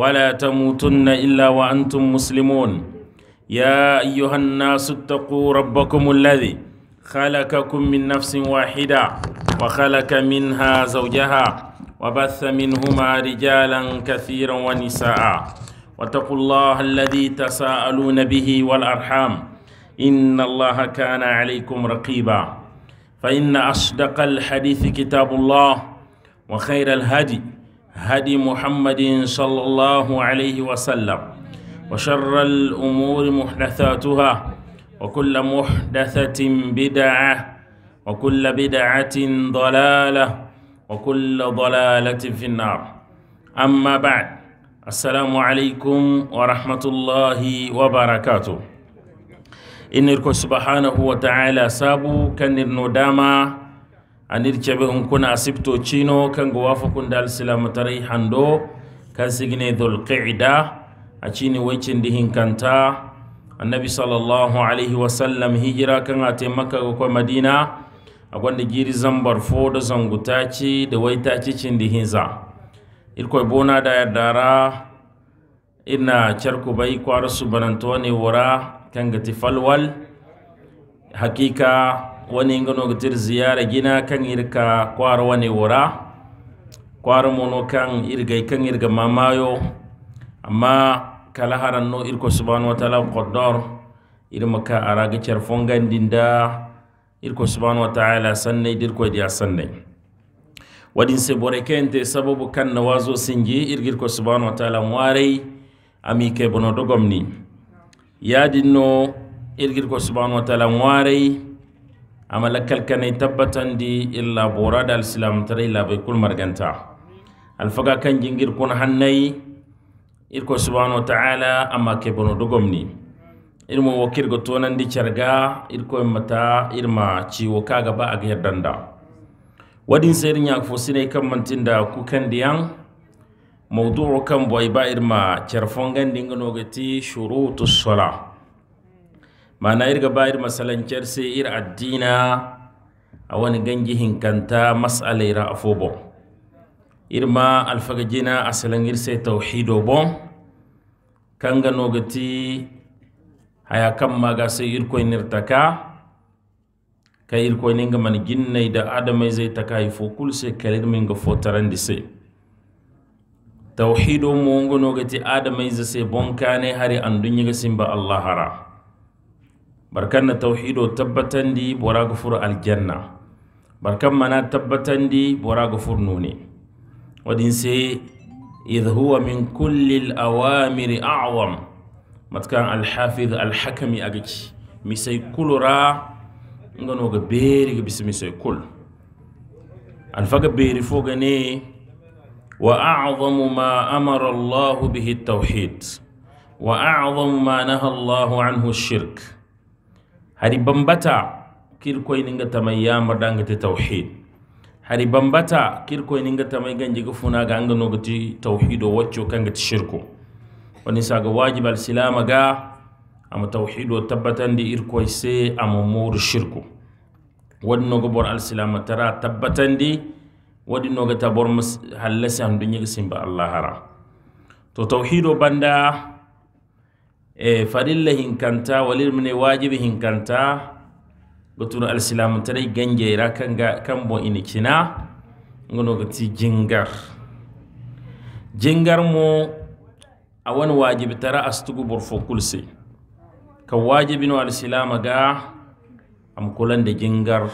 ولا تموتن إلا وأنتم مسلمون يا أيها الناس اتقوا ربكم الذي خلقكم من نفس واحدة وخلق منها زوجها وبث منهما رجالا كثيرا ونساء واتقوا الله الذي تساءلون به والأرحام إن الله كان عليكم رقيبا فإن أصدق الحديث كتاب الله وخير الهدي هدي محمد صلى الله عليه وسلم وشر الأمور محدثاتها وكل محدثة بدعة وكل بدعة ضلالة وكل ضلالة في النار أما بعد السلام عليكم ورحمة الله وبركاته إنكم سبحانه وتعالى سابو كان الندامة anir cebe on kuna asibto chino kango wafa kunda alsilamu tarai hando kan sigine dhul qida chini wechin dihin kanta annabi sallallahu alaihi wasallam hijira kan ate makka kwa madina gwanda giri zambar fo da zangutaci da waitaci cin dihin za irko bona da dara ina charku bai kwarasu banantone wara kan gati falwal hakika woni ngonogotir ziyara gina kan irka kwar wani wora kwar mono kan irga kan irga mamayo amma kala haran no irko subhanahu wa taala qaddar irma ka araga cer dinda irko subhanahu wa taala sannay dirkoydi dia sanne wadin se bore kente sababu kan nawazo wazo sinji irgirko subhanahu wa taala waray ami ke bono dogomni yadinno no irgirko subhanahu wa taala waray amala kalkane tabbatan di illa bora da alsilam tare illa bai kul marganta alfaga kan jingir kun hannai irko subhanahu wa ta'ala amma ke bono dogomni irmo wakir go tonan di charga irko mata irma ciwo kaga ba aga yardanda wadin sayrin ya fo sinai kan mantinda ku kan diyan mawdu'u kan boy ba irma charfon gandin ganogati shurutus salah mana irga bayar masalancer sai ir addina a wani gangi hinkanta masalaira bon irma alfaga asalin asalan ir sai tauhido bon kanga nogati haya kam maga sai ir koy nirtaka ka ir ninga man ginnai da adamai zai taka fo fokul sai kalir ga fo tarandi sai tauhido mu gati adamai zai sai bonkane hari an dunya ga simba allah barkan na tauhido tabbatandi bora gufur aljanna barkan mana tabbatandi bora gufur nune wadin sai idh huwa min kulli al-awamiri a'wam matkan al-hafiz al-hakami agaci misai kulura ngano ga beri ga bismi sai kul alfaga beri foga ne wa a'zamu ma amara Allah bihi at-tauhid wa a'zamu shirk hari bambata kirkoy ninga tamay yamarɗanga te tawhid hari bambata kirkoy ninga tamay ganje ga funaga anga noga ti tawhid o kanga ti shirku woni saga wajib al silama ga ama tawhid o tabbatandi irkoy se ama moru shirku wadi noga bor al silama tara tabbatandi wadi noga ta bor hallasi handu simba allah haram to tawhid banda e eh, farilla hinkanta walir mine wajibi hinkanta gotun alsilamu kan gangera kanga bo ini kina ngono gati jingar jingar mo awan wajibi tara astugu burfo kulse ka wajibino alsilama ga am kulande jingar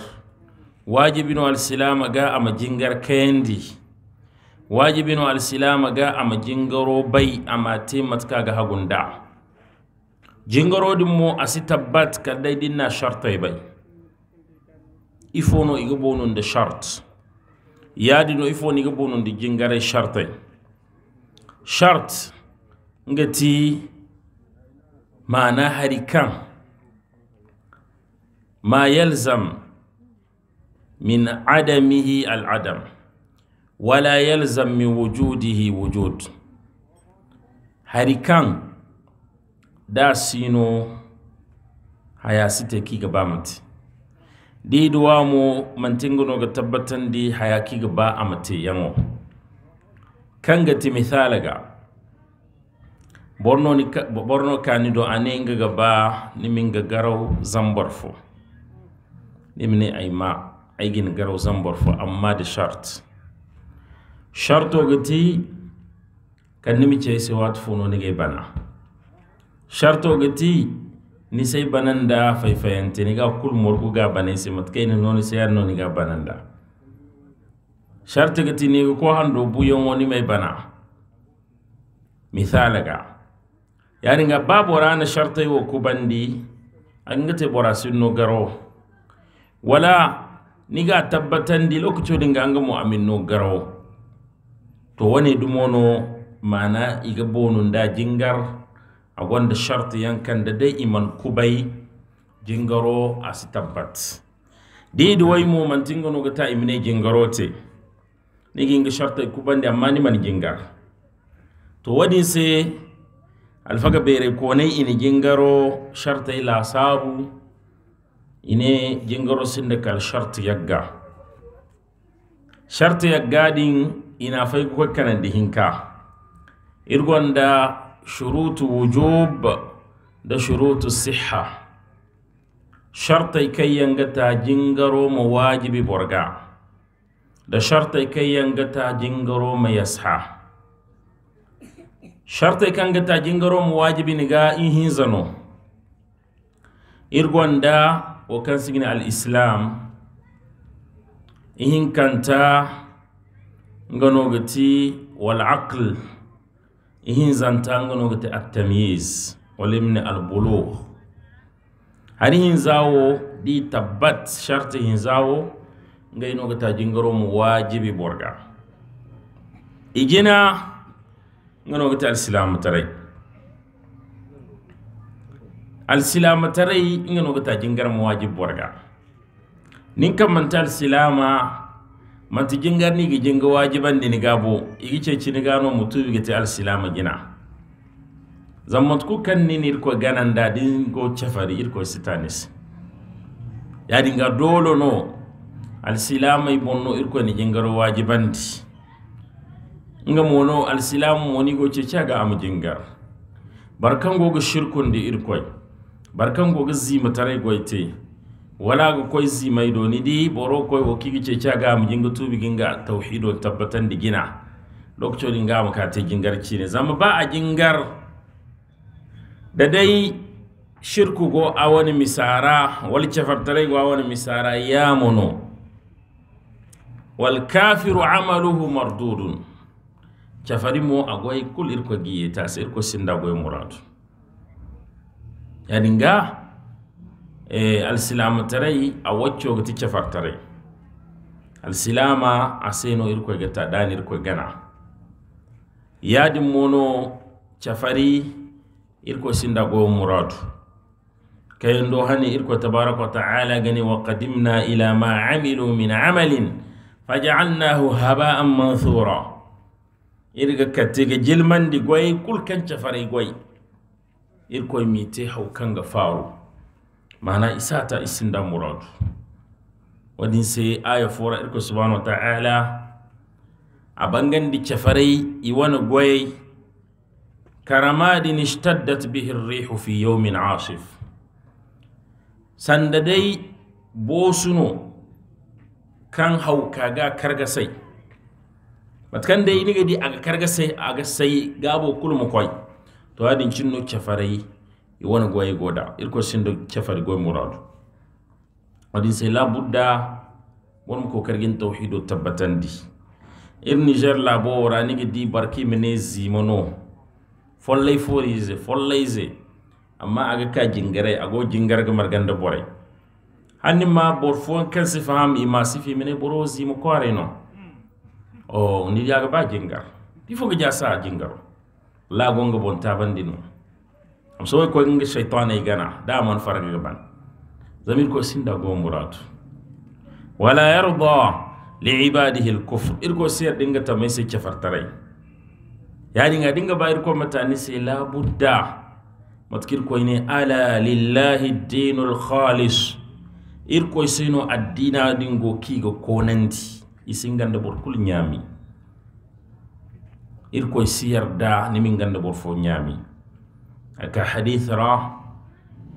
wajibino alsilama ga am jingar kendi al alsilama ga am jingaro bai amate matka ga hagunda jingarodin mo asi tabbat kadai dinna shartai bai ifono iga bonon da shart yadino ifono iga bonon da jingare shart nga ti mana harikan ma yalzam min adamihi al'adam wala yalzam min wujudihi wujud harikan da sino hayasite gaba mate di duwa mu mantingono ga tabbatan di hayaki ga ba amate yango kanga ti ga borno ni borno kani do anenga ga ba ni garau zambarfo ma ayma gin garau zambarfo amma da shart sharto ti kan mi ce sai wat funo ni bana sharto ga ti ni sai bananda faifayante ni ga kul morgu ga banai sai ni noni sai no ni ga bananda sharto ga ti ni ko hando buyon woni mai bana ga yani ga babu rana sharto ku kubandi an gate bora sinno garo wala ni ga tabbatan di lokacin din ga mu amin no garo to wani dumono mana iga bonun da jingar a gwanda sharti yankan da dai iman kubai jingaro a si tabbat di wai mu man tinga ga ta imine jingaro te ni ginga sharta kuban da amma ni man gingar to wadin se alfaga bere konai ini jingaro sharta ila sabu ine jingaro sinda kal sharta yagga sharta yagga din ina fai kuka kanan dihinka irgonda shurutu wujub da shurutu siha shartai kai yanga ta jingaro ma wajibi borga da shartai kai yanga ta jingaro ma yasha shartai kan ga ta jingaro ma wajibi ni ga in hin zano irgonda wa kan sigina al islam in kanta ngano gati wal aql ihin no gote attamise olimne albulu hari zawo di tabbat sharte ngai no ta jingoro mu wajibi borga igina nganogo te alislam taray alislam taray nganogo ta jingara mu wajibi borga nin mantal silama manti jingar ni gi jinga wajiban ni gabo igi ce ci ni gano mutu bi gati alsilama gina zan ku kan ni ni ko ganan da din go chafari ir ko sitanis ya dinga dolo no alsilama ibonno ir ko ni jingaro wajiban di nga mono alsilama moni go ce ga am jingar barkan go go shirkun di ir ko barkan go go zima tare go ite wala ga koy si mai do ni di boro koy wo kigi cha ga mu tu bi ginga tabbatan di gina lokacin din ga mu ka te ci ne zama ba a gingar da dai shirku go a wani misara wal chafartarai go a wani misara ya mono wal kafiru amaluhu mardudun chafari mo agoy kul irko giye ta sir ko sinda go muradu dinga? eh alsilama tarai a wacce ga tice fartarai alsilama a seno irko ga ta dan irko gana yadin mono chafari irko sinda go muradu kayan do hani irko tabaraka ta'ala gani wa qadimna ila ma amilu min amalin faja'alnahu haba'an manthura irga katiga jilmandi goy kulkan chafari goy irko mite haukan ga faru maana isin da murad wadin sai aya fura irko subhanahu wa ta'ala i wani iwana goyai karamadin ishtaddat bihi rihu fi yawmin asif sanda dai bosuno kan hauka ga kargasai Matakan dai ni gadi a kargasai ga sai gabo kulmu kwai. to hadin cinno chafarai wona goye goda irko sindo cafari goye muradu wadin sai labudda wonmo ko kargin tawhido tabbatandi ir niger labo woranigi di barki mine zimono follay forise follayse amma aga ka jingare ago jingarga marganda boray hanni ma bor fon kan sifa ham ima sifi mine boro zimo no o oh, ni yaga ba jingar il faut que jasa jingaro la lagonga bon tabandino musoy ko ngi shaytan ay gana da man farga gaban zamir ko sinda go muratu wala yarda li ibadihi al kufr irko sir dinga tamai sai kafartarai ya dinga dinga ba irko matani sai la budda matkir ko ne ala lillahi dinul khalis irkoy seno addina dingo kiigo konandi isin ganda bor kul ñaami da ni nimin ganda bor fo aka hadith ra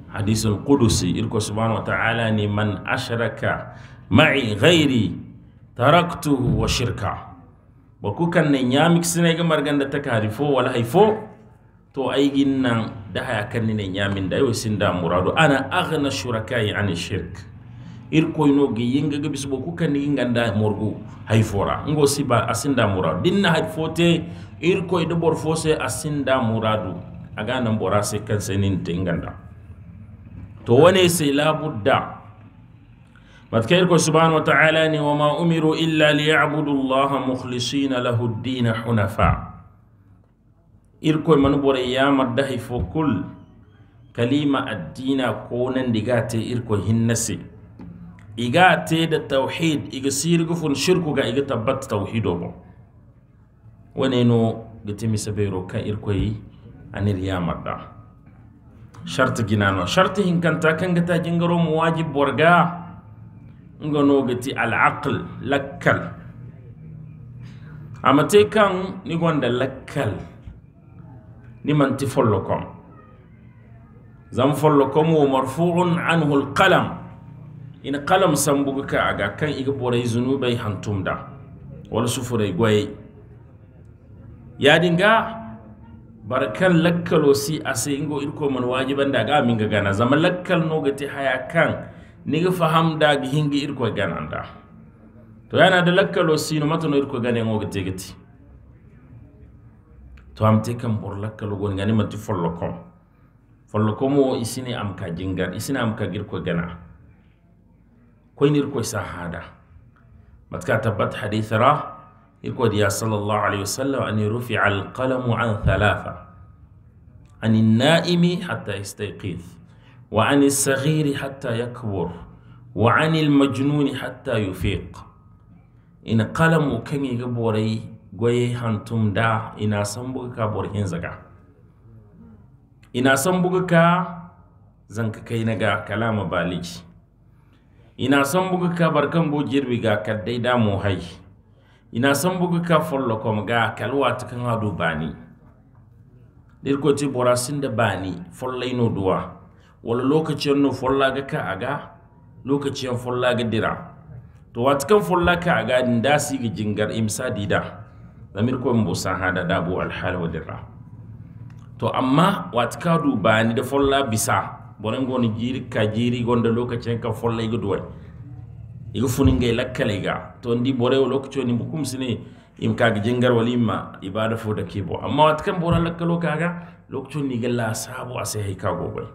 hadith al-qudusi irko subhanahu wa ta'ala ni man ashraka ma'i ghairi taraktu wa shirka kukan kan ne miksi ne ga marganda ta karifo wala haifo to ai ginnan da haya kan ne nyamin da yau sin da muradu ana aghna shurakai an shirk irko ino ga yinga ga ba ku kan ne ganda morgu haifora ngo siba asinda muradu dinna haifote irko ido borfose asinda muradu aga nan bora sai kan sanin tinganda to wane sai labudda matkai ko subhanahu wa ta'ala ne wa ma umiru illa liya'budu allaha mukhlishina lahu ad-din hunafa irko man bora ya madda hifo kul kalima addina ko nan diga te irko hinnasi iga te da tauhid iga sirgu fun shirku ga iga tabbat tauhido bo wane no gitimi sabero kan irko anil yamarɗa gina ginano charte hinkanta kangata mu wajib borga gati al aql lakkal amate kan ni gonda lakkal ni manti follo kom zan follo kom wo marfu'un anhu al qalam in qalam sambuga ka aga kan iga boray zunubai hantumda wala sufurai goye yadinga barkan lakkalo si sai ingo irko man wajiban daga min ga gana zama lakkal no gati haya kan ni ga faham da hingi irko gana da to yana da lakkalo si no matano irko gane ngo gati gati to am te kan bor lakkalo gon gani mati follo kom follo kom o isini am ka jingar isini am ka girko gana koy nir ko sahada matka tabbat hadithara يقول صلى الله عليه وسلم أن رفع القلم عن ثلاثة عن النائم حتى يستيقظ وعن الصغير حتى يكبر وعن المجنون حتى يفيق إن قلم كم يقبوري goye hantum da ina san buga ka borhin zaga ina san buga ka zanka kai naga kalama baliki ina san buga ka barkan ga da mu ina buga ka folo kom ga ta kan adu bani dir ko ti bora sinda bani ino duwa wala lokacin no ga ka aga lokacin ga dira to wati kan ka aga da si ga jingar imsa dida zamir ko mbo sahada dabu hal wa dira to amma wati ka du bani da folla bisa bonan goni jiri ka jiri gonda lokacin ka follai ga duwai ga funinga ila kala iga to ndi bore wolo ko ni bukum sine im kaga jengar wali ma ibada fo da kebo amma wat kan bora lakkalo kaga lokacin ni galla sabu ase hay kago bai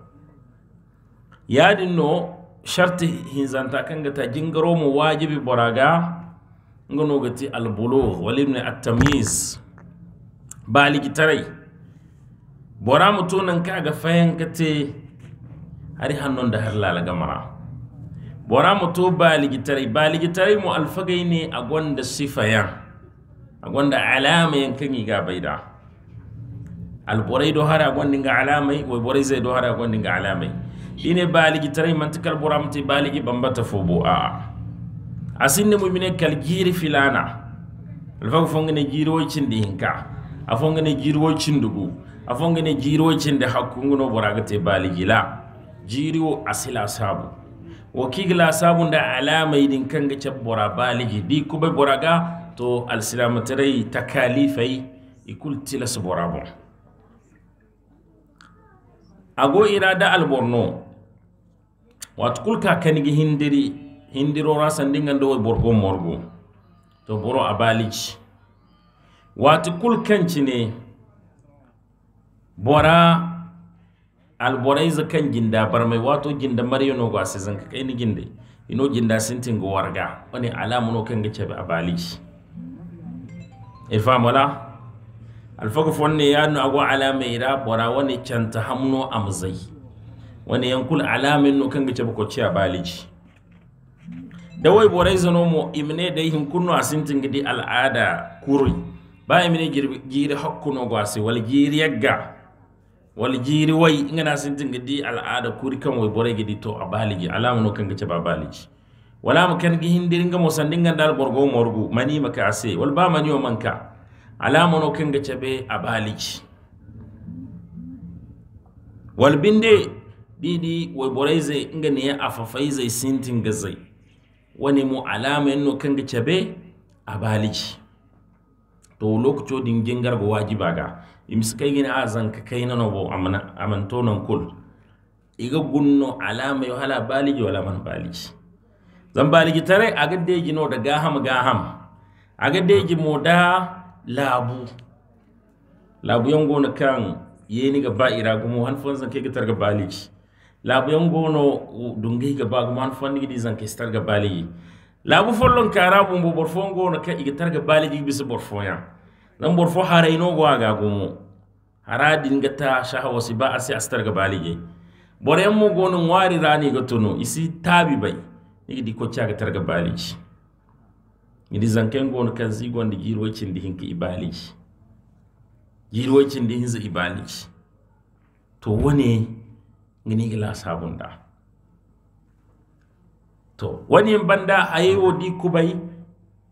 yadin no sharti hinzanta kan ga ta jingaro mu wajibi boraga ngono gati al bulugh wal ibn at tamyiz baligi tarai bora mutunan kaga fayan kate hari hannon da har lalaga mara bora mu to baligitarai baligitarai mu alfagai ne a gwanda sifayan a gwanda alama yankan iga bai da alborai do hara gwandin ga alamai wai borai zai do hara gwandin ga alamai ine baligitarai mantakar bora mutu te baligi bambata fobo a a mu ne kal kalgiri filana fonga ne girocin da hinka a ne girocin dugu a ne girocin da hakkunguno bora ga te baligila jiriwo asila sabu wakigila sabun da alamai yi kan ga bora baligi di kubai bora ga to alsilamatarai ta kalifai ikul tilas bora bon ago irada alborno wato kulka kanigi hindiri hindiro rasan dingan do borgo morgo to boro abaliji wato kulkanci ne bora alborai kan ginda bar mai wato ginda marino ga sai kai ni ginda ino ginda sintin go warga wani alamu no kan gace ba bali e famola alfago fonne ya no ago alama ira bora wani canta hamno amzai wani yankul alamin no kan gace ba ko a bali da wai borai zano mo imne dai hin kunno asintin gidi al'ada kuri ba imne girbi giri hakkuno gwasi wal giri yagga wal jiri wai ngana sintin gidi al'ada kuri kan wai bore gidi to a baligi alamu no kan gace ba baligi wala mu kan gi hindirin mo san ga dal borgo morgu mani maka ase wal ba mani o manka alamu no kan gace be a baligi wal binde didi wai bore zai inga ne a fafai zai sintin ga zai wani mu alama no kan gace be a baligi to lokaco dingin garba wajiba ga a zan ka kaynano a mantonan kul iga gunno alama yau hala baliji wala man baliji zan baliji tare a ga deji no da gaham gaham a ga deji mo da labu labu yan gona kan yeni ga ba ira gumo hanfon fon zan ke gitar ga baliji labu gona no dungai ga ba gumo hanfon ni ni zan ke star ga baliji labu follon karabu mo borfon go no ka igitar ga baliji bisu borfoyan zan bor fo haray no go aga gumo hara dinga ta shaha si ba asi astar ga balige bore mo go no wari rani ga tuno isi tabi bai ni di ko caga targa baliji ni zanken go no kan si gonde girwacin di hinka ibaliji girwacin di hinza ibaliji to wane ngini gila sabunda to wani banda ayo di kubai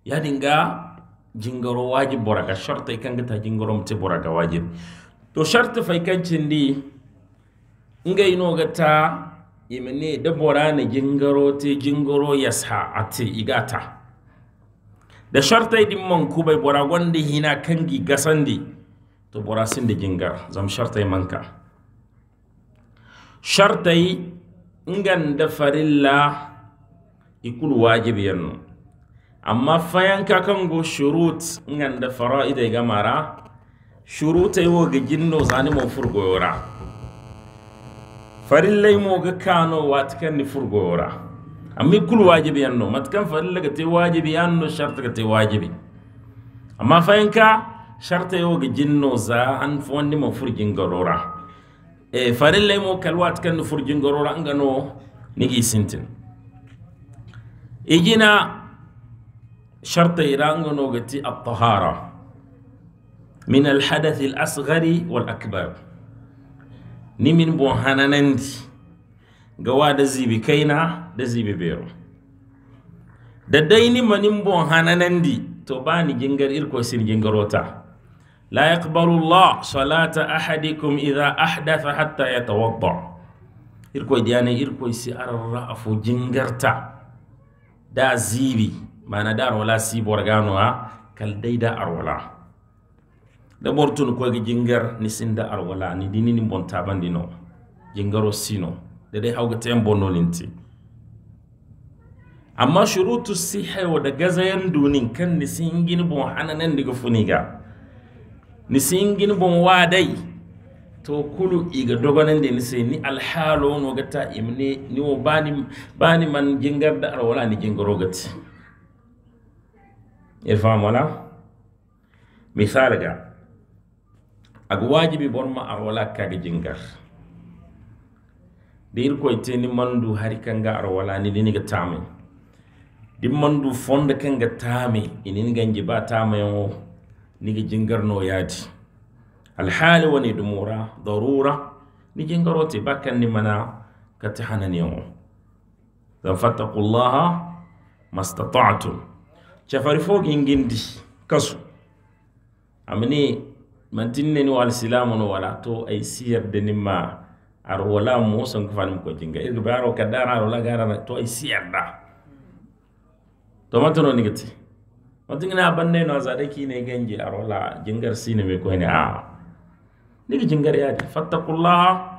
ya dinga jingaro wajib boraga sharta ikan ta jingaro mte boraga wajib to sharta fa ikancin di nga ino ga ta imene da jingaro te jingaro yasha ate igata da sharta idin man kubai bora wanda hina kangi gasandi to bora sin da jingar zam sharta manka sharta ngan da farilla ikul wajibiyan amma kan go shurut nganda faraida gamara shurutai wo ga ginno zani mo furgoyora farillai mo ga kano kan ni furgoyora amma kul wajibi yanno kan farilla ga te wajibi yanno sharta ga te wajibi amma fayanka sharta yo ga ginno za an fondi mo furgin garora e farillai mo wat kan ni furgin garora ngano nigi sintin igina شرط إيرانغو نوغتي الطهارة من الحدث الأصغر والأكبر نمين بوهانا نندي غوا دزي بكينا دزي ببيرو دديني منين بوهانا نندي توباني جنجر إلكو سين جنجروتا لا يقبل الله صلاة أحدكم إذا أحدث حتى يتوضأ إلكو دياني إلكو سي أرى الرأف جنجرتا دا زيبي mana da arwala si borgano a kal dai da arwala da bortun ko gi jingar ni sinda arwala ni dini ni bonta bandino jingaro sino da dai hawga tem linti amma shurutu sihha wa da gazayan dunin kan ni singin bon hananan diga funiga ni singin gini bon wadai to kulu iga dogonan de ni sai ni alhaalo no gata imne ni wo bani bani man jingar da arwala ni jingaro gati e faam wala misaal ga ak waajibi bonma a wala kaage jingar deyir koye teni mandu hari kanga ar walani niniga taame di mandu fonde kanga taame ininigan e jiba taameyan o niga jingarno yaadi alhaali woni dumura darura ni jingaroti bakkanni mana kati hananiyan o dan fattaqullaha ma stataatum cafari fo gingindi kasu amini mantinne ni wal silamu no wala to ay siyar de ni ma ar wala mo san ko fanum ko jinga e baro kadara ar wala gara to ay siyar da to matono ni gati na banne no zade ki ne ganje ar wala jingar sine me ko ni a ni jingar ya fattaqullaha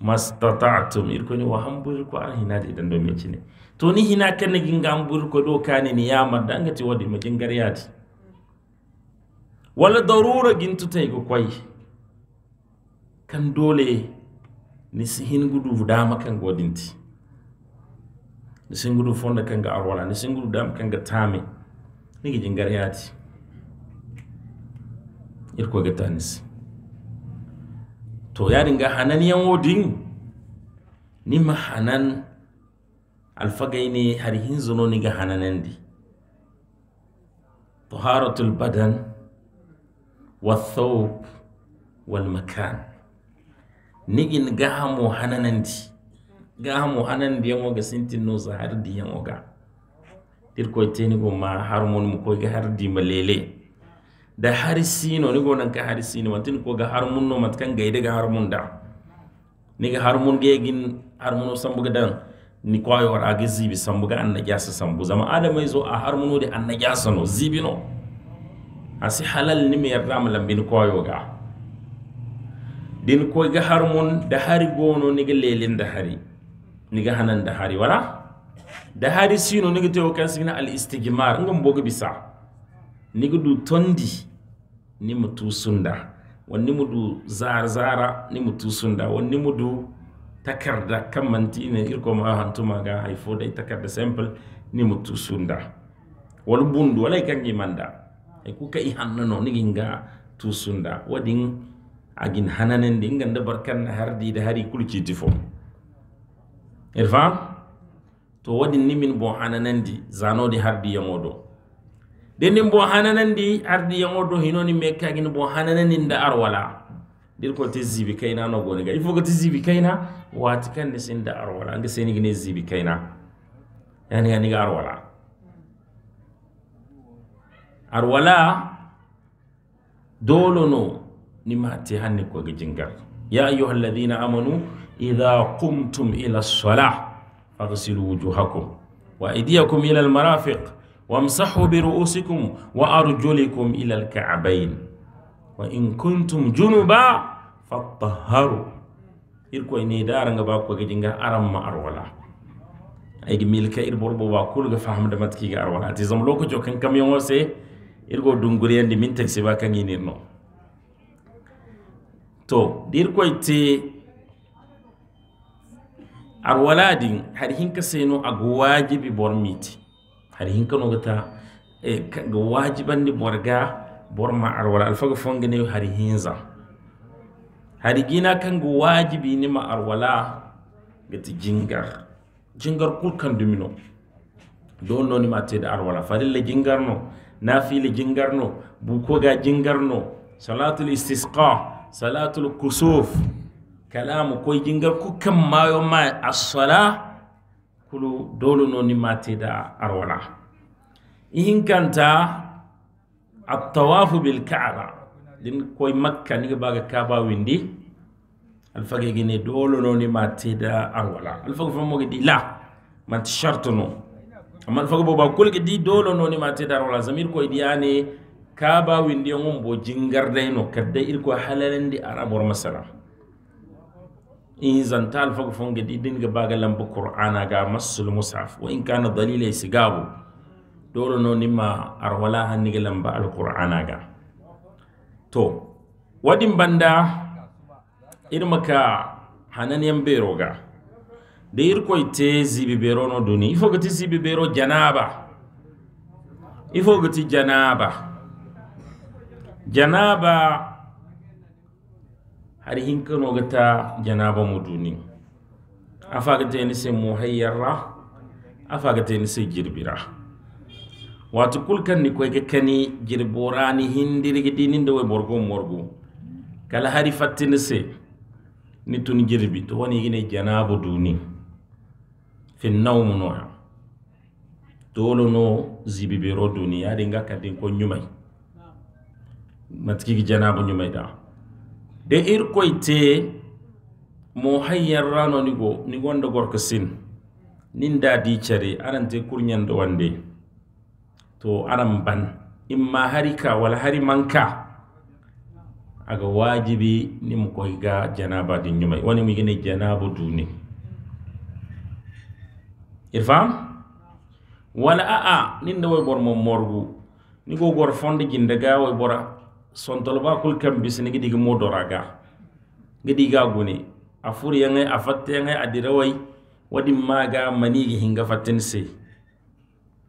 mastata'tum irkoni wa hambur ko an hina de dan do cine to ni hina kan ni ginga hambur ko do kane ni yamar danga ti wadi ma gingar yati wala darura gintu tay ko kwai kan dole ni sihin gudu dama kan godinti ni sihin gudu fonda kan ga arwala ni sihin gudu dama kan ga tame ni gingar yati irko ga tanisi to ya dinga hanan yan wudin ni ma hanan alfagai ne harihin zuno ni ga hananan di taharatul badan wathawb wal makan ni gin ga mu hananan di ga mu hanan di yan waga sintin no sa har di yan waga dir ko ma har mun mu ko ga har di malele lele da sino ni gonan ka sino mantin ko ga har munno mat kan ga mun da ni ga har munno sambu ga dan ni ayo wara ga zibi ga an na gyasa sambu zama adamai zo a munno da an na gyasa no zibi no asi halal ni me yarda malam bin ayo ga din ko ga mun da hari gono ni ga lelin da hari ni ga hanan da hari wala da hari sino ni ga to kan sina al istijmar ngam boga bisa nigudu tondi ni mutu sunda wani mudu zar-zara ni mutu sunda wani mudu takarda kan manti ne irko ma hantuma ga haifo dai takarda sample ni mutu sunda wal bundu walai kan gi manda e kuka i hanno ni ginga tu sunda wadin agin hananen din ganda barkan hardi da hari kulci tifo irfa to wadin nimin bo hananandi har hardi yamodo dennin bo hananandi ardi yango do hinoni me mekkagin bo hananinda arwala dir ko te zibi kayna no gone ga il faut ko te zibi kayna wati kande sin da arwala anga seni gine zibi kayna yani yani ga arwala arwala dolo no ni mati hanni ko ga jingar ya ayyuhal ladina amanu idha qumtum ila as-salah faghsilu wujuhakum wa aydiyakum ila al-marafiq Wan musakahu bai roɓe suku, wa'ar jolayi ko mu ilal ka abai ne. Wa in kuntu mu junu ba? Irko ne da ƙaranga ba kogajin ga arama ma ari wala. Ayi da milikan irn boro bo ba kulugafa hamadamati ke ka ari wala. Acizan bo ko cokkan kamun ya wace. Irko dunguriya ne mintin si ba kanyi ne no. To irkoti ari wala din har yi kasanenmu ak waje bi bar hari hinkano gata eh, ga ni borga borma arwala alfaga ne hari hinza hari gina kan ga wajibi ni ma arwala gata jingar jingar kul kan dumino don noni ma da arwala le jingar no nafila jingar no ga jingar no salatul istisqa salatul kusuf kalamu koy jingar ku kam mayo ma as-salah kulu dole no ni mate da arwala ihin kanta at-tawafu bil ka'aba din koy makka ni baga kaba windi alfage gine dole no ni mate da arwala alfage famo gidi la mat shartu no amma alfage boba kul di dole no ni mate da arwala zamir koy diyane kaba windi ngum bo jingar dayno kadda il ko halalandi arabor masala in zanta alfaga fonga di din ga baga lamba qur'ana ga masul musaf wa in kana dalila isigabu dole no nima arwala hannun ga lamba alqur'ana ga to wadin banda ka hanan yan bero ga da irkoi te zibi bero no duni ifo gati zibi bero janaba ifo gati janaba janaba har hinkano gata janaba muduni afa gata ni se muhayyara afa gata ni se jirbira watu kan ni koyge kani jirborani hindirigi dinin da way borgo morgo kala hari fattini se ni tun jirbi to wani gine janaba duni fi nawmu noya dolo no zibibero duniya dinga kadin ko nyumai matiki janaba nyumai da de te mo hayyar rano ni go gonda gorko sin nin da di cari arante kurñanda wande to aran ban imma harika wala hari manka aga wajibi ni mu koy ga janaba di ñumay woni mu gine janaba duni irfam wala a a nin da way bor mo morgu ni go gor fondi jinda ga way bora sontolba kul kam bisini gidi mo doraga gidi ga gune afur yanga afatte yangai adirawai wadi maga mani gi hinga fatin se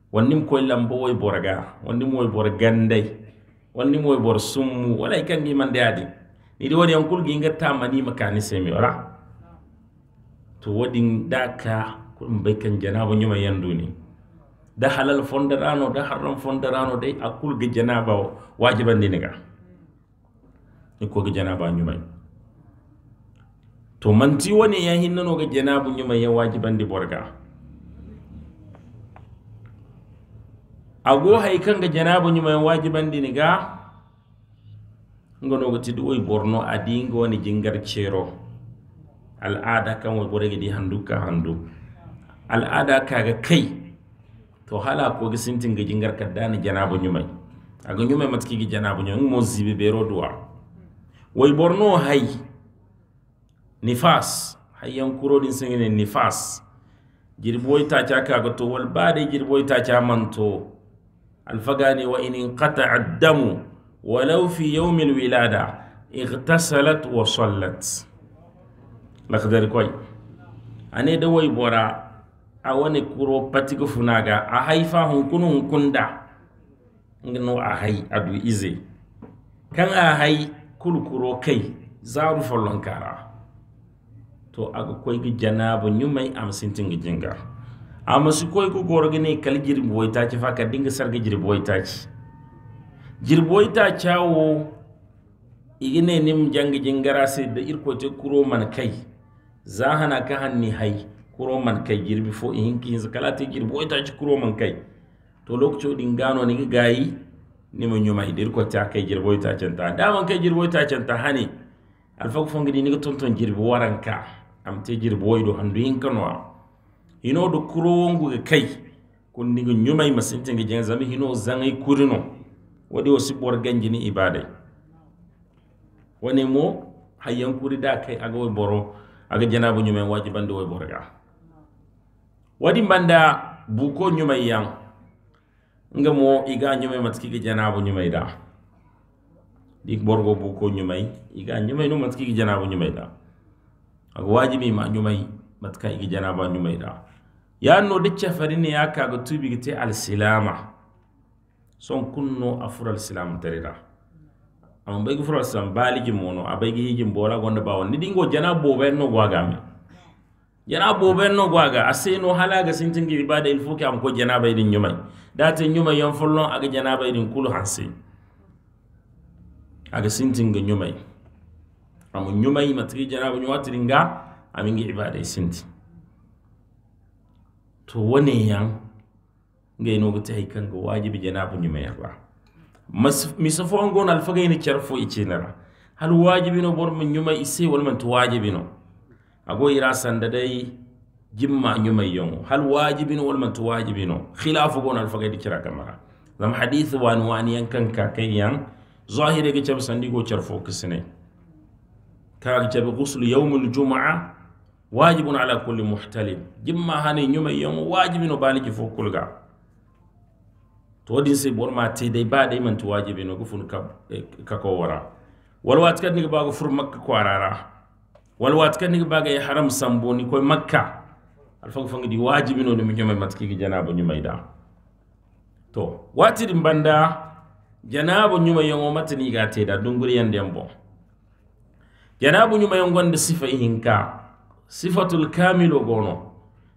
wannim koy lambo woy boraga wannim moy bor gandai wannim moy bor summu wala kan gi man dadi ni do wadi yankul gi ngata mani makani mi ora to wadi daka kun bai kan janaba nyuma yanduni da halal fondarano da haram fondarano dai akul gi janaba wajiban diniga ni ga janaba ñumay to manti woni ya hinna no ga janabu ñumay ya wajiban di borga ago hay kan ga janabu wajiban ñumay wajibandini ga gonogo tiɗi woy borno adi gowoni jingar cero al ada kan woy borege ɗi handu ka handu ka ga kai to hala ko ga sintin ga jingar kadda ni janabu ñumay aga ñumay ga janabu ñumay mo zibe ɓero duwa way borno hay nifas hayyan kurodin singine nifas jirboy taca kaga to wal baade jirboy taca manto alfagani wa in inqataa addamu walau fi yaumi lwilada igtasalat wa sallat lakdari koy ane da way bora a wani kuro patigo funaga a haifa hunkunu hunkunda ngino a hay adu ize kan a hay kurkuro kai za rufe lankara to aga koy ga janabu nyumai am sintin ga jinga amma su ku ko gorga ne kal jirbi ta ci faka dinga sarga jirbi ta ci jirbi boyta chawo igine nim jangi jingara sai da irko te kuro man kai zahana ka hanni hai kuro man kai jirbi fo in kin zakala te jirbi ta ci kuro man kai to lokacin din gano ne gayi Ni mo nyuma idir ko ta kay jirboy ta canta man kay jirboy ta canta hani alfa fak fongi ni tonton jirbo waranka am te jirboy do handu yin kanwa ino do kuro wongu ga kai ko ni nyuma ma sinte ga jenga zami hino zangai kurino wadi wasi ganji ni ibadai wani mo hayyan kuri da kai aga wo boro aga janabu nyuma wajiban do wo borga wadi banda buko nyuma yang nga mo iga nyumay matski ga janaabu nyumay da dik borgo bu ko nyumay iga nyumay no matski ga janaabu nyumay da aga wajibi ma nyumay matka iga janaaba nyumay da ya no dicce farine ya kaga tubi te al silama son kunno afural silam am bay gi fural silam baligi mono abai gi higin bora gonda bawon ni dingo janaabu bai no gwagame yana boben no gwaga sai no halaga sintingi ibada il fuke am ko janaba idin nyumay date nyumay yon follon aga janaba idin kulu sun aga sintinga yumai amu yumai matri janaba nyuwatiringa amingi sun sinti to wane yan ngay no gute haikan ga wajibi janaba nyumay ba mas misafo gona alfagai ni charfo icinara hal wajibi no bor mun yumai ise wal man to wajibi no ago ira sanda dai jimma nyumay yongo hal wajibin wal man wajibino khilafu gon al fagay dikira kamara zam hadith wan wan yan kan ka kai yan zahire ga chab sandi go charfo kisne ka ga chab ghusl yawm al jumaa wajibun ala kulli muhtalim jimma hane nyumay yongo wajibino baliki fo kulga to din sai bor ma te dai ba dai man wajibino gufun ka eh, ka ko wara wal wat ba go fur makka ko arara wal wat kan ni bagay haram sambo ni koy makka al fang fang di wajibi no mi nyome matki gi janabo nyumay da to wati di banda janabo nyuma yongo matni ga te da dunguri yande mbo janabu nyuma yongo nda sifa hinka sifatul kamilu gono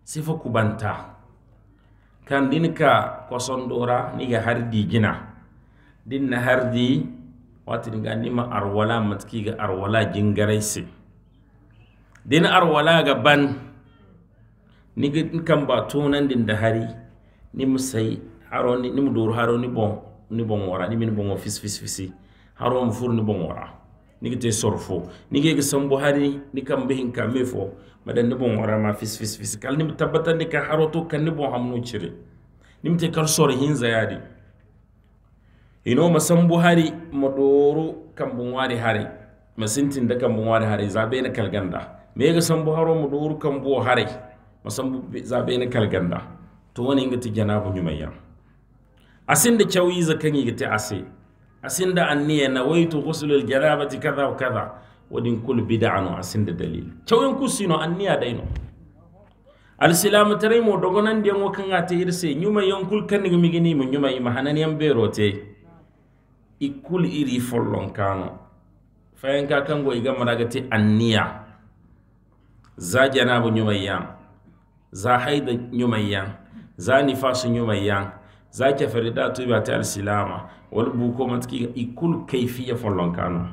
sifa kubanta kan din ka dora ni ga hardi gina din na hardi wati din ga nima arwala matki ga arwala jingarai din arwala gaban ban ni kan ba tunan din da hari ni musai haro ni mudur dor haro ni bon ni bon wara ni min bon fis fis fis haro mu fur ni bon wara ni gite sorfo ni ge ga sambo hari ni kan bihin ka me fo madan ni bon wara ma fis fis fis kal ni tabbatan ni kan haro to kan ni bon hamnu cire ni mte kar sor hin zayadi ino masambo hari madoro kan bon wari hari masintin da kan bon wari hari zabe na kalganda me ga san buharo mu duru kan bo hare masambu zabe ni kalganda to wani ingati janabu nyumayya da chawi zakan ta ase da anniya na waitu ghuslul janabati kaza wa kaza wadin kul bid'anu da dalil chawin sino anniya daino alsilama tarai mo dogonan diyan kan ate irse nyuma yankul kan ga migini mu nyuma ima hanan yan berote ikul iri follon kano fayan ka kango igamara gati anniya za janabu ñumay yang za hayda ñumay yang za nifasu ñumay yang za kafari da tuba ta alsilama wal bu ko matki ikul kayfiya folon kano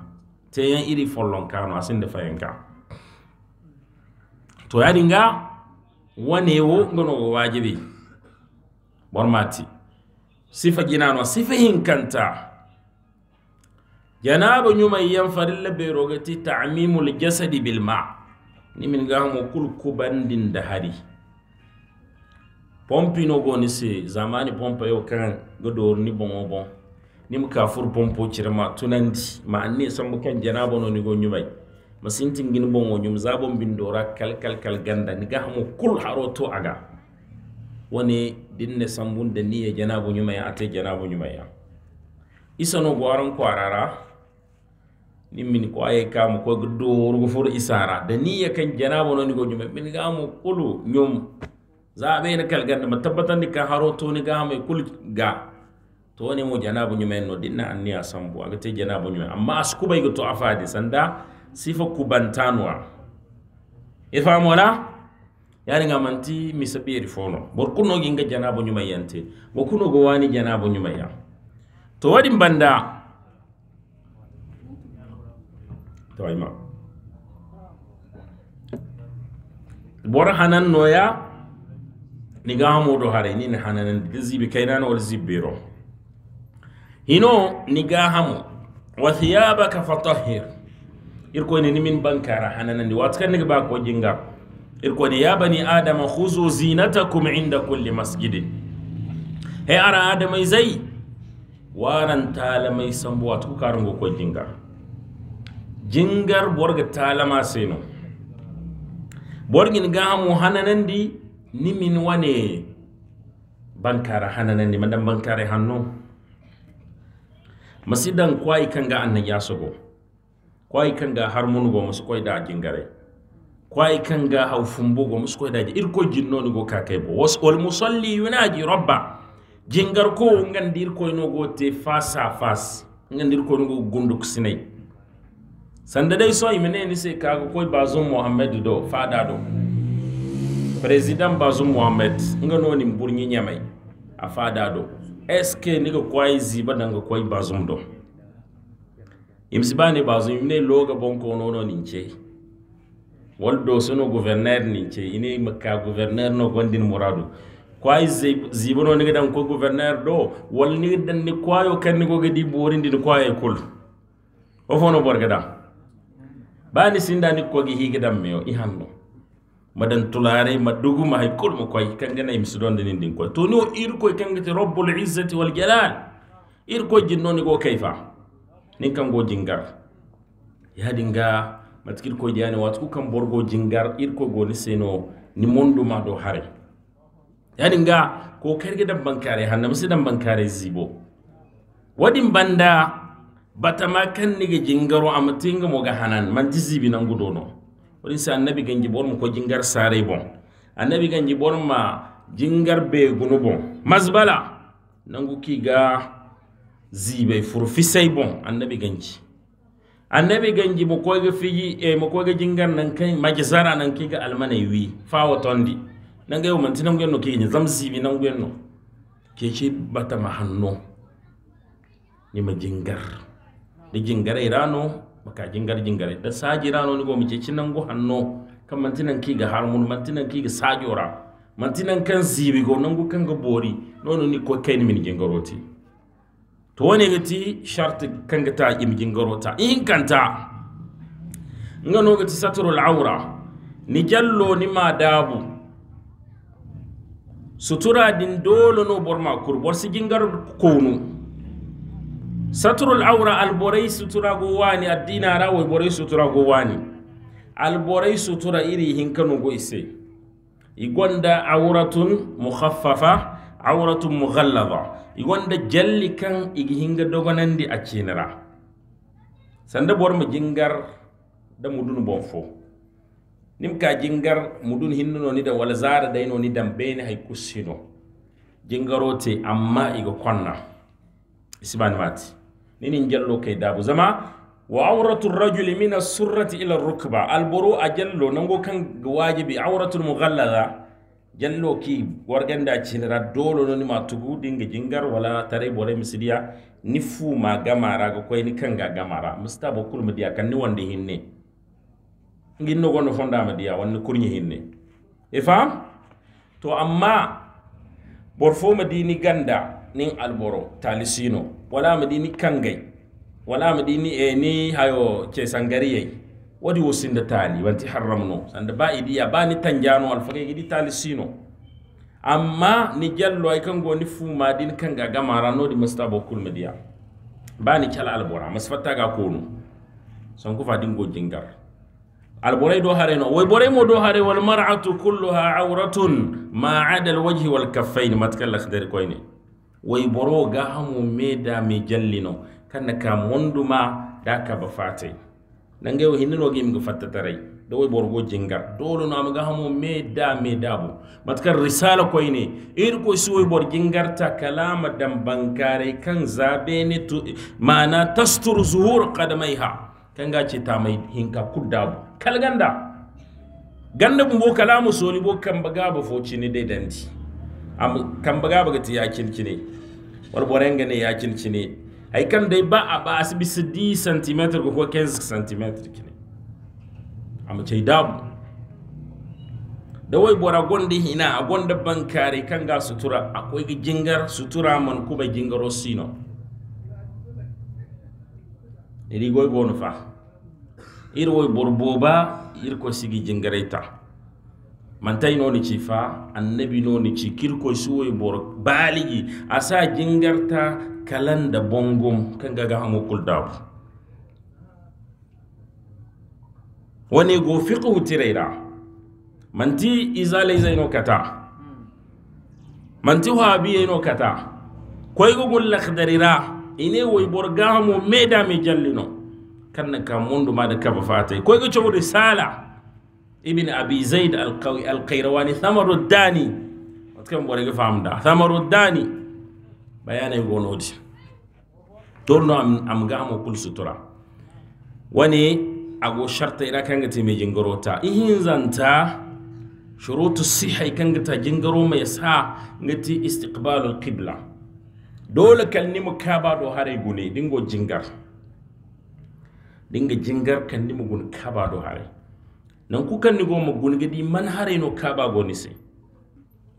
te yan iri folon kano asin da fayanka to ya dinga wane wo ngono go wajibi bormati sifa no sifa hinkanta janabu ñumay yang farilla be rogati ta'mimul jasadi bil ma' ni min ga kul kubandin da hari pompi no go ni se zamani pompa yo kan ga ni bon bon ni mu kafur pompo chirma tunandi ma anni sambu kan janabo no ni go nyumai masintin gin bon nyum zabon bin kal kal kal ganda ni ga kul haroto aga wani dinne sambun da niya janabo nyumai ate janabo nyumai ya isano gwaran kwarara ni min ko aye kamo ko do worgo fof ɗo isara da niya kan janaba noon go jume min gamo kulu ñom zaɓene kal gande ma tabbatandi ka haro toni gamo e kul ga to toni mo janaba ñumen no dinna anni a asambu aga te janaba ñumen amma as kubayga to afade sanda sifa kubantanwa e famola yani gamanti mi saɓeri fono bor kunnoginga janaba ñumayante wo kunogo wani janaba ya to waɗi banda Bora hanan noya ni gahamoɗo hare ni ni hananande zibe kaynano wala zibbero hino ni gahamo wa thiyabaka fatahhir ni nimin bankara hanan ni kan ni ba ko jinga ni ya bani adama khuzu zinatakum inda kulli masjidin he ara adamai zai waran tala mai sambo wati karango ko jinga jingar borga talama seno borgin gamu hananandi nimin wane bankara hananandi madan bankare hannu masidan kwai kanga annan yasogo kwai kanga har go musu koi da jingare kwai kanga haufumbugo musu koi da irko ni go bo was wal musalli yunaji rabba jingar ko ngandir ko no go te fasa a ngandir ko no go gunduk sinai sanda dai so imene ni se kaga koy bazum mohammed do fada do president bazum mohammed nga noni mburnyi nyamai a fada do est ce ni ga koy ziba danga koy bazum do imsibani bazum imene loga bonko nono ninche waldo sono gouverneur ninche ine makka gouverneur no gondin muradu kwayi zibano ni gidan ko gouverneur do wal ni gidan ni kwayo kan ni go gadi borin ni kwaye kul o fono borgada bani sindani kogi higidam meyo i hanno madan tulare ma duguma hay kulmo koy kangana im sudonde nin din koy to no ir koy kangati rabbul izzati wal jalal ir koy jinnoni go kayfa nin kango jingar yadinga matkir koy jani watku kam borgo jingar ir koy ni seno ni ma do hare ya yadinga ko kerge dam bankare hanna musidam bankare zibo wadin banda batama kan nige jingaro ama tinga moga hanan man jisibi nan dono wani sa annabi ganji bormo ko jingar sare bon annabi ganji ma jingar be gunu bon mazbala nangu ga zibe furfisai bon annabi ganji annabi ganji mo ga fiji e mo ga jingar nan kai majisara nan kiga almanai wi fawo tondi nan ga yomanti nan gwenno kiga zam zibi nan no ke ce bata hanno ni ma jingar ni jingare rano baka jingar jingare da saji rano ni gomi ce cinan go hanno kan mantinan ki ga harmon mantinan ki ga sajora mantinan kan sibi go nan go kan ga bori nono ni ko kai ni min jingaroti to wani ti shart kan ga ta im jingarota in kanta ga ti satrul awra ni jallo ni ma dabu sutura din dolo no borma kur si jingar konu satrul aura alborai sutura go wani addina ra wai borai sutura go wani alborai sutura iri hinkanu go ise igonda auratun mukhaffafa auratun mughallada igonda jalli kan igi hinga dogonandi a cinira sanda bor mu jingar da mudun bonfo nim ka jingar mudun hinnuno ni da wala zara dayno ni dam bene hay kusino jingarote amma iga konna isibani mati ninin jallo da dabu zama wa awratu rajuli min as-surrati ila ar-rukba al-buru ajallo nango kan wajibi awratu al-mughallaza jallo ki warganda cinira dolo noni ma tugu dinga jingar wala tare bore misiliya ni fu ma gamara ga koy ni kanga gamara musta bo kulma diya kan ni wande hinne ngin no gono fonda ma diya wonni kurni hinne e fam to amma bor fo ma dini ganda nin alboro talisino wala mu ni kangai wala mu ni e ni hayo ke sangariyai wadi da tali wanti haramno sanda ba idi ya bani tanjano alfage gidi talisino amma ni jallo ay kango ni fuma din kanga gamara no di musta bokul media bani kala albora masfata ga kono ku fadin go jingar alborai do hare no way borai mo do hare wal mar'atu kulluha awratun ma 'ada al wajhi wal kaffayn matkalla khdari koyne wai boro ga hamu me da me jallino na ka ma da ka ba nan ga wo hinno gi mi fatta fattatare da wai boro go jingar na mu ga hamu me da me da dabu matkar risala ko ne ir ko su wai boro jingar ta kalama dan bankare kan zabe ne tu mana tastur zuhur kan kanga ce ta mai hinka kuddabu kalganda ganda bo kalamu soli bo kan baga bu foci ne dai danti am kambaga bagati yakin ya war borenga ne yakin ne ai kan dai ba a ba asibi 10 cm ko 15 cm kine am da mu da wai bora gonde hina a gonda bankare kan ga sutura akwai ga jingar sutura man kuma jingaro sino iri goy gonu fa ir borboba ir ko sigi ta. mantai no ni ci fa annabi no ni ci kirko suwo bor baligi asa jingarta kalanda bongum kan gaga hamu kuldab wani go fiqhu tirayra manti izale zaino kata manti bi eno kata koy go gol lakhdarira ine woy bor gamu meda mi jallino kan ka mundu ma da kaba fatai koy go chowo sala ibn abi zaid alqairawani thamaru dani watkan ɓorege famda thamaru dani bayanay gonodi torno am gamo kul sutura wani ago sharta ira kanga teme jingarota ihin zanta shurutu siha kanga ta jingaro mai sa ngati istiqbalul qibla dole kalni mu kaba do hare gune dingo jingar dinga jingar kan mu gun kaba do hare nan kukan ni goma gungidi man hare no kaba goni se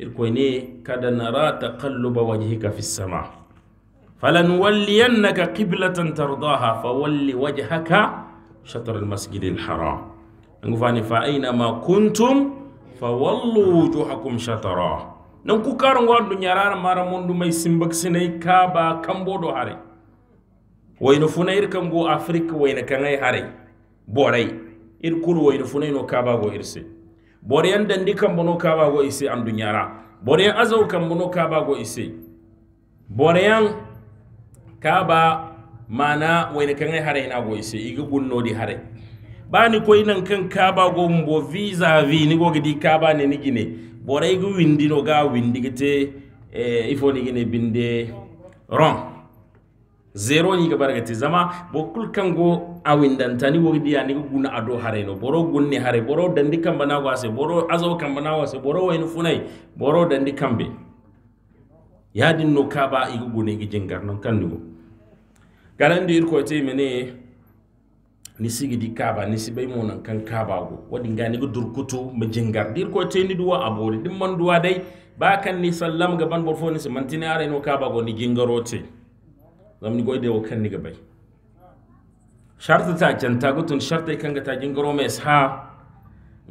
irko ne kada nara taqalluba wajhika fi sama falanuwalliyannaka qiblatan tardaha fawalli wajhaka shatr almasjid alharam nan gufani fa aina ma kuntum fawallu wujuhakum shatara nan kukaron wandu nyarara mara mundu mai simbak sinai kaba kambodo hare wayno funayir kango afrika wayna kangai hare borai wa irfuna ino kaba go irse boreyan dandi kaba go ise an azau kan bono kaba go ise yan kaba mana hare ina go ise di hare ba bani koy nan kan go mbo visa vi ni go gidi kaba ne ni gine igi windi no ga gite e ifo ni gine binde ron zero zeroni ga bargati zama bo kulkan go di wogdi yani guna ado hare no boro gunni hare boro dandi bana go wase boro azo kan bana wase boro wayin funai boro dandi ya din no kaba igu gune gi jingar non kan nugo dir ko te mene ni sigi di kaba ni sibai mo nan kan kaba go wadi ngani go durkutu ma jingar dir ko te ni duwa abori dim man duwa dai ba kan ni sallam gaban ban fo ni mantine are no kaba go ni jingarote zamni goy de wo kan niga bay sharta ta canta gutun sharta kanga ta jingaro mai sa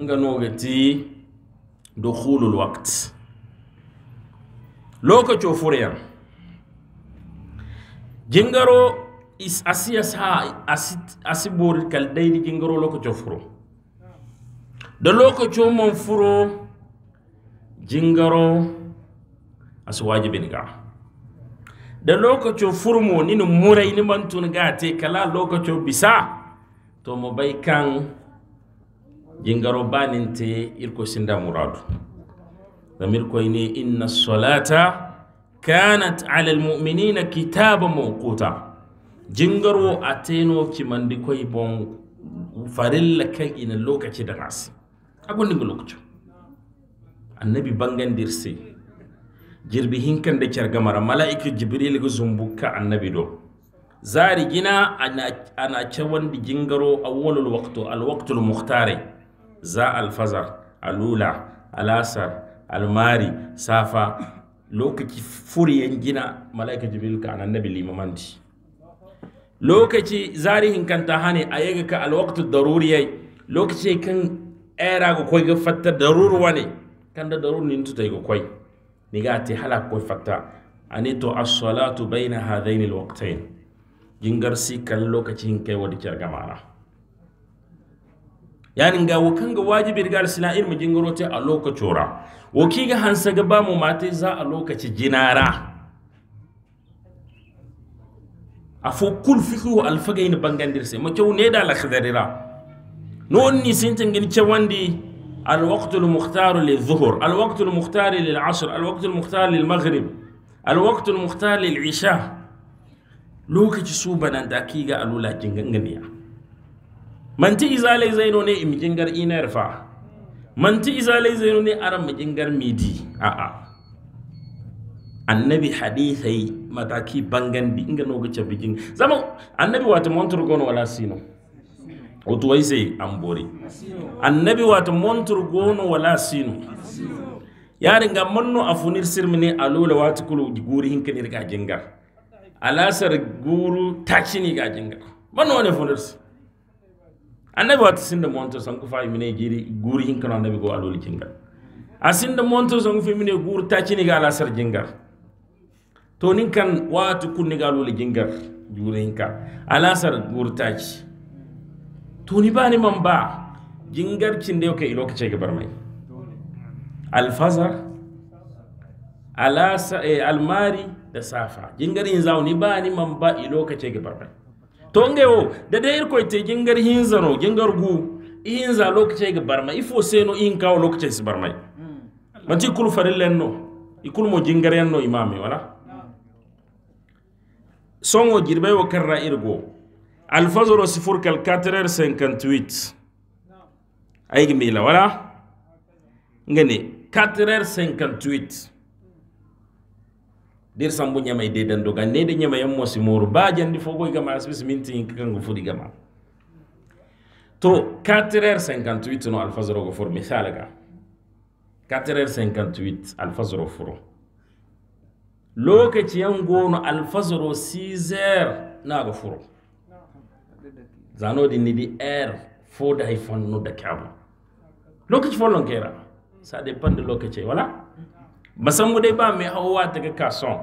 nga nogati dukhulul waqt lokaco furiyan jingaro is asiyas ha asibori kal daidi jingaro lokaco furo da lokaco man furo jingaro asu wajibin ga da lokacin furmo nini murai ni mantun te kala lokacin bisa to mu bai kan jingaro te irko sinda muradu zamir ne inna salata kanat ala almuminina kitaba mawquta jingaro ateno mandi koy bon farilla kan ina lokaci da ngasi agondi lokacin. annabi bangandirse jirbi hinkan da kyar gamara mala'ika jibril ga ka annabi do zari gina ana ce wanda jingaro a waqtu al waqtul muhtari za alfazar alula alasar almari safa lokaci furiyan gina mala'ika jibril ka annabi limamanti lokaci zarihin kanta hane a yaga ka alwaktu daruriyai lokaci kan era ga kwai ga fatta daruruwa ne kan da darur nin tutai ga kwai niga nigati hala ko fakta ani to as-salatu bayna hadaini al-waqtayn jingar si lokacin kai wadi kyar gamara yani ga wukan ga wajibi rigar sila irma jingaro te a ora woki ga hansa ga bamu mate za a lokaci jinara afo kul fikihu alfagain bangandirse mo ne da la khadarira non ni sintin gin wandi الوقت المختار للظهر الوقت المختار للعصر الوقت المختار للمغرب الوقت المختار للعشاء lokaci su banan da ki ga alula jinganganiya manti izalai zaino ne im jingar inar fa manti izalai zaino ne aran jingar midi a a annabi hadithai mataki bangandi inga no gace bijin annabi wata montur gono wala sino wotu waise ambori annabi wata montur gono wala sinu yari ga manno afunir sirmini alola wata kulu guri hinkinir ga jingar alasar guru ni ga jingar manno wani afunir annabi wata sinda montur sanku fa mine giri guri na annabi go alola jingar a da montur sanku fi guri guru ni ga alasar jingar to ninkan wata kunni ga alola jingar guri hinka alasar guru tachi tuni bani man ba gingarcin da yau kai lokacin gabar mai alfazar eh, almari da safa jingarin zauni ba ni man ba i lokace gabar mai to nge wo da dai irko te jingar zano gingar gu hinza lokace gabar mai ifo seno in kawo lokacin su bar mai manti hmm. kul farillen no ikul mo jingar yanno imame wala hmm. songo jirbe wo karra irgo alfajr 4h58 aigi mila wala ngani 4h58 dir sambu ñamay de dan ga ne de ñamay am mosi moru ba jandi fogo gama asbis minti kangu fudi gama to 4h58 no alfajr go 4h58 furo lokaci yan gono alfazoro 6h na ga furo zano di di air fo da haifan no da kyabu lokaci fo lon kera sa dai pan da lokaci wala basan mu dai ba mai hawa ta ga kason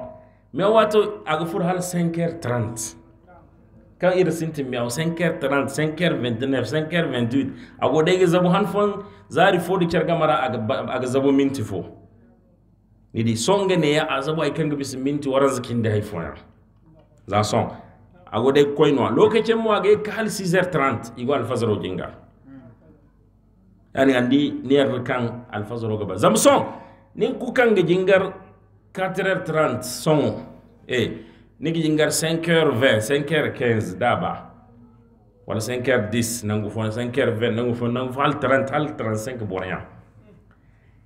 mai hawa to a ga fur hal 5h30 kan ira sintin mai 5h30 5h29 5h28 a go dai ga zabu hanfon zari fo da kyar gamara a ga zabu minti fo ni di songa ne ya azabu ai kan ga bisin minti waran zakin da haifon za song agode koyno lokacin mu aga ka hal 6h30 igo alfazaro jinga yani andi niyar er kan alfazaro gaba zamson nin ku kan ga jingar 4h30 son eh ni ga jingar 5h20 5h15 daba wala 5h10 nangu fo 5h20 nangu fo nangu fo al 30 al 35 bornya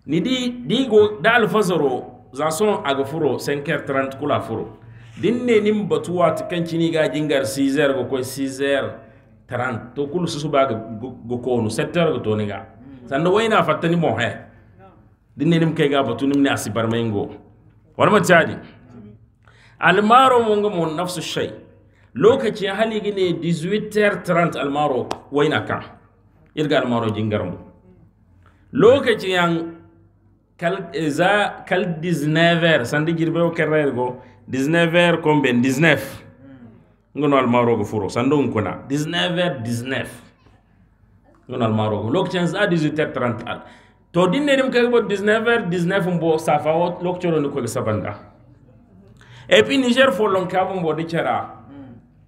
ni di di go dal alfazaro zanson aga furo 5h30 kula furo dinne nim batuwa tikan cini ga jingar caesar go koy caesar taran to kul susu ba go ko konu setter go to ni ga niga sanda wayna fattani mo he dinne nim kay ga batu nim ne asi asibar war ma jadi almaro mo ngo mo nafsu shay lokaci hali gine 18h30 almaro wayna ka irga almaro jingar mo lokaci yan kal za kal 19h sanda girbe o kerrego 19h combien 19 ngono almarogo furo sando kuna 19h 19 ngono lok chance a 18h30 al to dinne dem kay bo 19h 19 mbo sa fa wot lok choro ko sabanda e pi niger fo lon ka kabo mbo de cara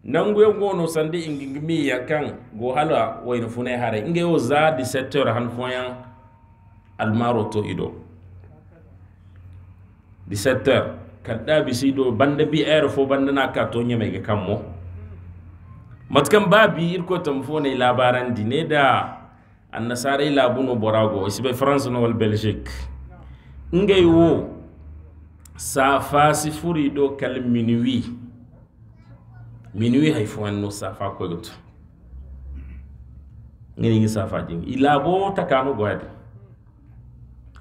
nangue ngono sande ingingmi yakan go hala wayno fune hare nge o za 17h han foyan al maro to ido 17h kadda bisi do banda bi air fo banda na ka to nyame ga kammo matkan babi irko tamfo ne labaran dine da annasarai labuno borago isibe france no wal belgique ngay wo sa fasi furi do kal minuit minuit hay fo anno safa ko goto ngini ngi safa jing ilabo takano goade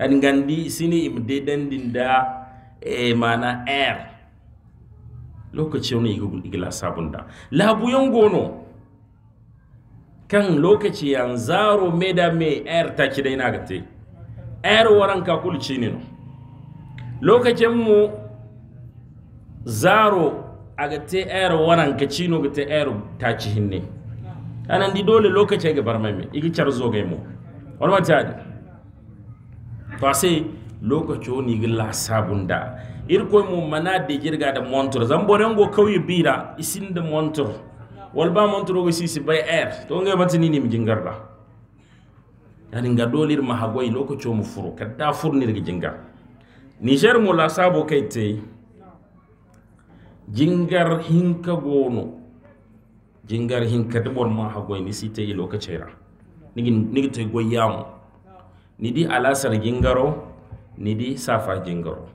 an gandi sini imde dandinda e mana air lokaci ne ga igila sabunda labuyan gono kan lokaci yan zaro me da me air ta ci dai na gate air waran ka kulci ne no lokacin mu zaro a gate air waran ka ci no gate air ta ci hinne anan di dole lokaci ga barmai me igi char zo ga mu wani mata ta sai lokaco ni gilla sabunda irko mu mana de girga da montor zamborengo kawyi bira isin da montor walba montor go sisi bay air to ngai batini ni mjingarda yani nga dolir ma hagoy lokaci mu furo kadda furnir ga jingar niger mu la sabo kayte jingar hinka gono jingar hinka bon ma hagoy ni site ni nigi nigi to ni di alasar jingaro n'i di safa jingaro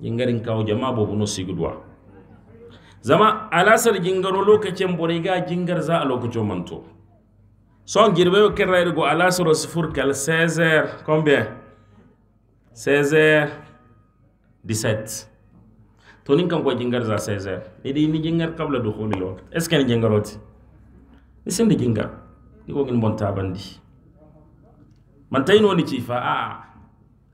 jingarin kawo jama bobu no sigudwa zama alasar jingaro lokacin boriga jingar za a lokacin manto son girbe yo kirra irgo alasar sifur kal 16h combien 16h 17 to nin kan ko jingar za 16h nidi ni jingar kabla dukhulil waqt est ce que ni jingaroti ni sindi jingar ni ko ngin bon tabandi man tayno ni ci fa a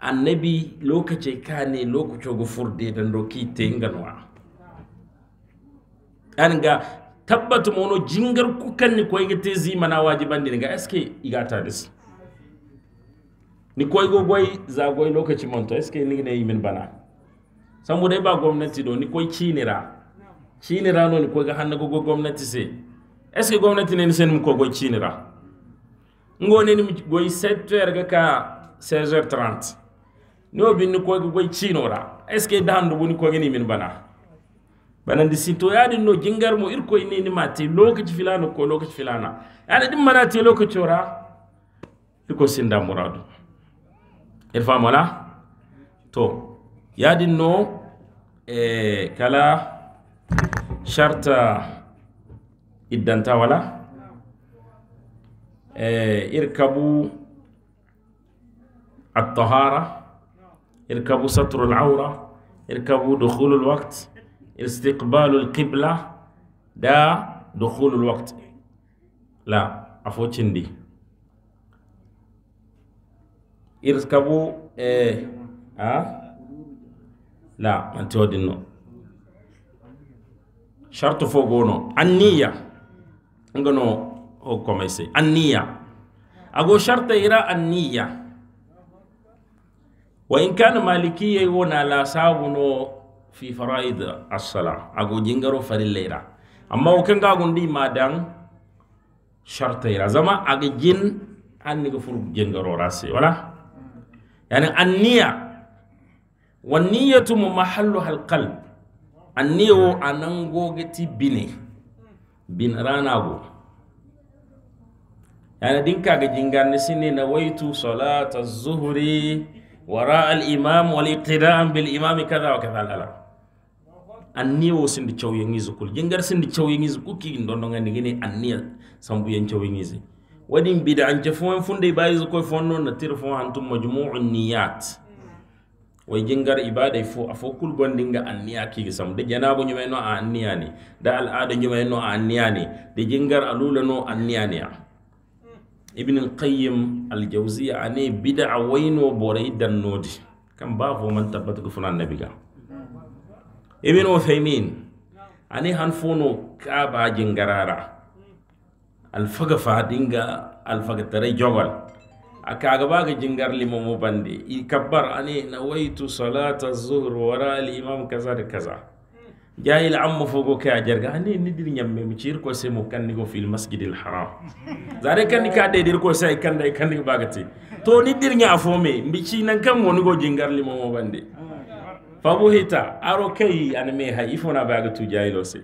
annabi lokace kane lokaco go furde dan do kite an ga tabbatu mono jingar kukanni koy ga tezi mana wajibandi ga eske igata dis ni koy go goy za goy lokaci monto eske ni ne yimin bana san bu dai ba gwamnati do ni koy cinira cinira no ni koy ga hanna go gwamnati se eske gwamnati ne ni sen mu ko goy cinira ngone ni goy 7h ga ka 16h30 ni no bin ni kogi goy cinora est ce que dahandu buni kogi ni min bana bana banandi sinto yaɗin no jingar mo irkoy ni ma te lokaci filana ko lokaci filana yaɗa ɗin mana te lokaci ora irko sinda muradu ir famola to yaɗin no e kala sharta iddanta wala e eh, ir kabu الطهاره اركبوا ستر العورة اركبوا دخول الوقت استقبال القبلة دا دخول الوقت لا عفوا تشندي اركبوا ايه ها لا انت ودينو شرط فوقونو النية انغنو هو كوميسي النية أقول شرط يرى النية wa in kana malikiyey wo na la sabuno fi faraid assala ago jingaro farilleyra amma wo kenga gundi madan sharteyra zama aga jin anniga fur jingarora se wala yani anniya wanniyatu mu mahalluha alqalb anniya wo anangogeti bine bin ranago yani din ka kaga jingande sinne nawaitu salata zuhri wara al imam wal iqtida'an bil imam kaza wa kaza lala anniyo sindi chow yengi zukul jengar sindi chow yengi zukuki ndondo ngani gine anniya sambu yen chow yengi zi wadin bid'an jafuwan funde bayi zukoy fonno na tirfo antum majmu'un niyat way jingar ibada fo afo kul gondinga anniya kigi sam de janabo nyumeno a anniya ni da al ada nyumeno a anniya ni de jingar alula no anniya ni ابن القيم الجوزي عن بدع وين وبريد النودي كم باب ومن تبت كفر النبي ابن وثيمين عن هنفونو كابا جنجرارا الفقفة دينجا الفقفة تري جوال أكاغباغ جنجر لمومو باندي يكبر أني نويت صلاة الظهر وراء الإمام كذا كذا jahil amma fogo ke a jarga ne ni dir nyamme mi cir ko se mo kanni go fil masjidil haram zare kanni ka de dir ko se kan dai kanni bagati to ni dir nya fo me mi ci nan kan woni go jingar limo mo bande fabu hita aro kai an me ha ifona bagatu jahilo se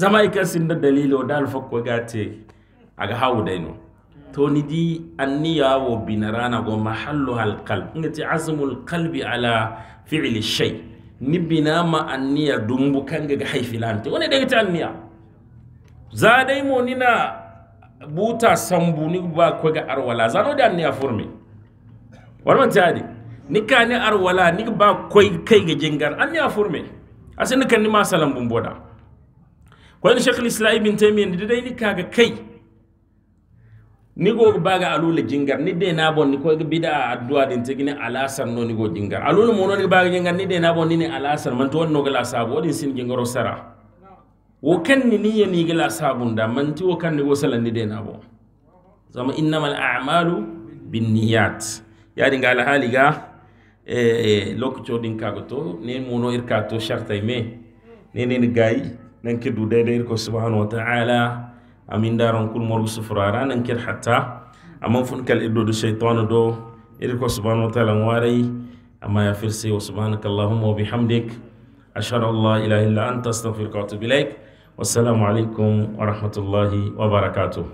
zama kan sin da dalilo dal fakko gate aga hawdai no to ni di anniya wo binarana go mahallu hal qalb ngati azmul qalbi ala fi'li shay' ni binama anniya dumbu kanga ga haifilante wani daga ta anniya za dai mo na buta sambu ni ba ko ga arwala za no da anniya furme wannan di ni ka ni arwala ni ba koi kai ga jingar anniya furmi asin kan ni ma salam bumboda ko ni shekul islam ibn taymiyyah ni dai ni ga kai ni nigo baga alula jingar ni de na bon ni ko ga bida addu'a din te gine ala alasar no ni go jingar alu alula mono ni baga jingar ni de na bon ni ni ala alasar man to no ga la sabu wodin sin jingaro sara wo kan ni ni ni ga la sabu sabunda man ti wo kan ni go salan ni de na bon zama innamal a'malu bin niyyat ya din ga la haliga e e lokcho din ka go to ne mono irka to shartay me ne ne ni gayi nan ke du de dede ko subhanahu wa ta'ala amin daron kul morgu sufurara nan kir hatta amman fun kal iddo do shaytanu do iri ko subhanahu wa ta'ala warai amma ya firsi wa subhanaka allahumma wa bihamdik ashhadu an la ilaha illa anta astaghfiruka wa atubu ilaik wassalamu alaikum wa rahmatullahi wa barakatuh